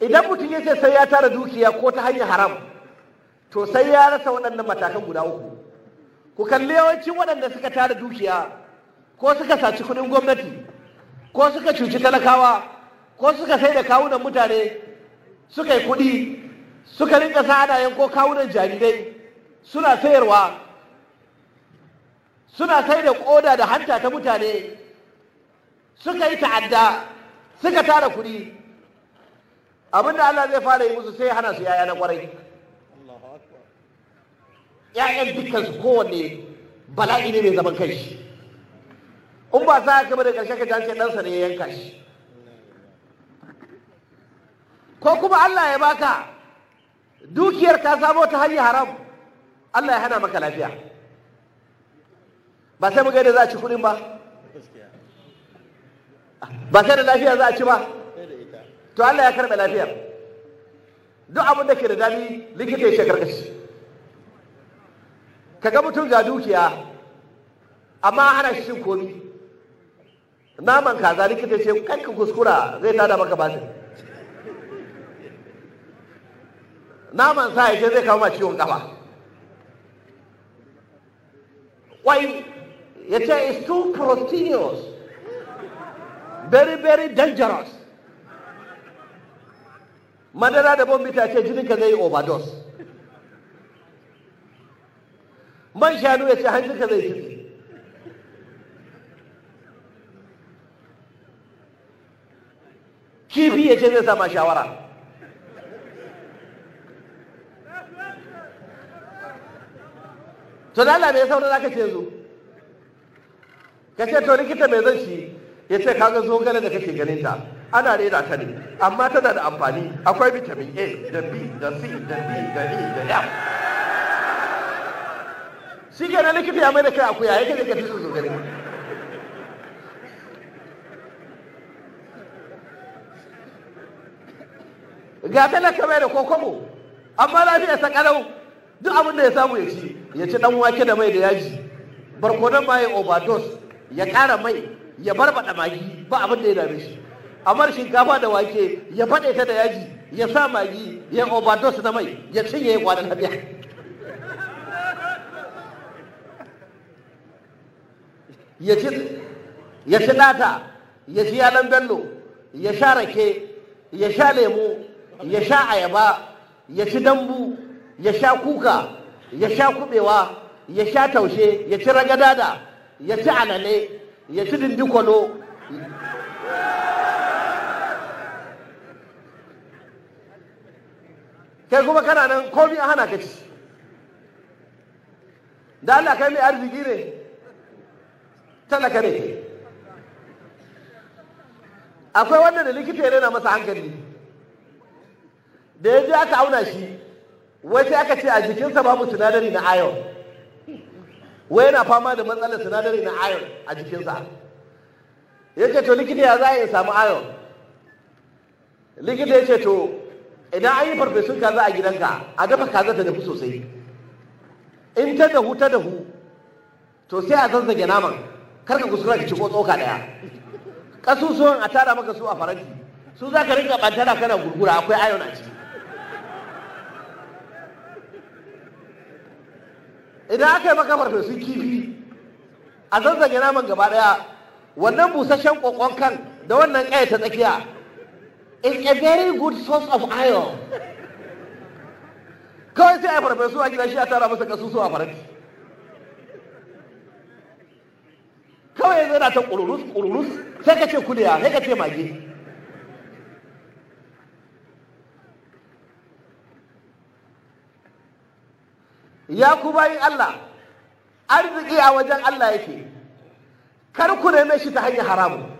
idan mutum ya ce sai ya tara dukiya ko ta hanyar haram to sai ya rasa waɗannan matakan guda uku ku kalli yawancin waɗanda suka tara dukiya ko suka saci kuɗin gwamnati ko suka cuci talakawa ko suka sai da kawunan mutane suka yi kuɗi suka rinka ana ko kawunan jarirai suna sayarwa suna sai da ƙoda da hanta ta mutane suka yi ta'adda suka tara kuɗi abin da Allah zai fara yi musu sai hana su yaya na kwarai ya'yan dukkan su kowanne bala'i ne mai zaman kai in ba za ka da karshe ka jance ɗansa ne ya yanka shi ko kuma Allah ya baka dukiyar ka samo ta hanyar haram Allah ya hana maka lafiya ba sai mu ga da za a ci kuɗin ba ba sai da lafiya za a ci ba to Allah ya karɓe lafiyar duk abin da ke da dadi likita ya ce karkashi ka ga mutum ga dukiya amma ana shi komi naman kaza likita ce ka kuskura zai tada maka batir naman sa ya ce zai kama ciwon kafa wai ya ce is too proteinous very very dangerous madara da ta ce jininka zai yi overdose man shanu ya ce hanjinka zai ci kifi ya ce zai sama shawara to da Allah me yasa za ka ce yanzu ka ce to likita me zan shi ya ce ka ga gane da kake ganin ta ana rera ta ne amma tana da amfani akwai vitamin a da b da c da d da e da f shi ke na likita ya mai da kai a ya kai da kai su gari ga ta na kamar da kokobo amma lafiya ta karau duk abin da ya samu ya ci ya ci dan wake da mai da yaji barkonan mai ya ya kara mai ya barbada magi ba abin da ya dame shi amar shinkafa da wake ya faɗe ta da yaji ya sa magi ya overdose na mai ya cinye ya kwanan ya ci ya ci nata ya ci yalan bello ya sha rake ya sha lemu ya sha ayaba ya ci dambu ya sha kuka ya sha kubewa ya sha taushe ya ci ragadada ya ci alale ya ci Yeah. kai kuma kana nan komi a hana ka ci da Allah kai mai arziki ne talaka ne akwai wanda da likita ya rena masa hankali da ya je aka auna shi wai sai aka ce a jikinsa babu sinadari na iron wai yana fama da matsalar sinadari na iron a jikinsa ya ce to likita ya za a yi samu iron likita ya ce to idan an yi farfesun kaza a gidanka a dafa kaza ta dafu sosai in ta dahu ta dahu to sai a zazzage naman karka kuskura ka ci ko tsoka daya kasusuwan a tara maka su a faranti su za ka rinka bantana kana gurgura akwai ayon a ciki idan aka yi maka farfesun kifi a zazzage naman gaba daya wannan busasshen kokon kan da wannan ƙaya ta tsakiya is a very good source of iron kawai sai a yi farfesu a gida shi a tara masa kasusu a faranti kawai yana ta ƙururus ƙururus sai ka ce kuliya sai ka ce mage ya ku bayin Allah arziki a wajen Allah yake kar ku neme shi ta hanyar haramu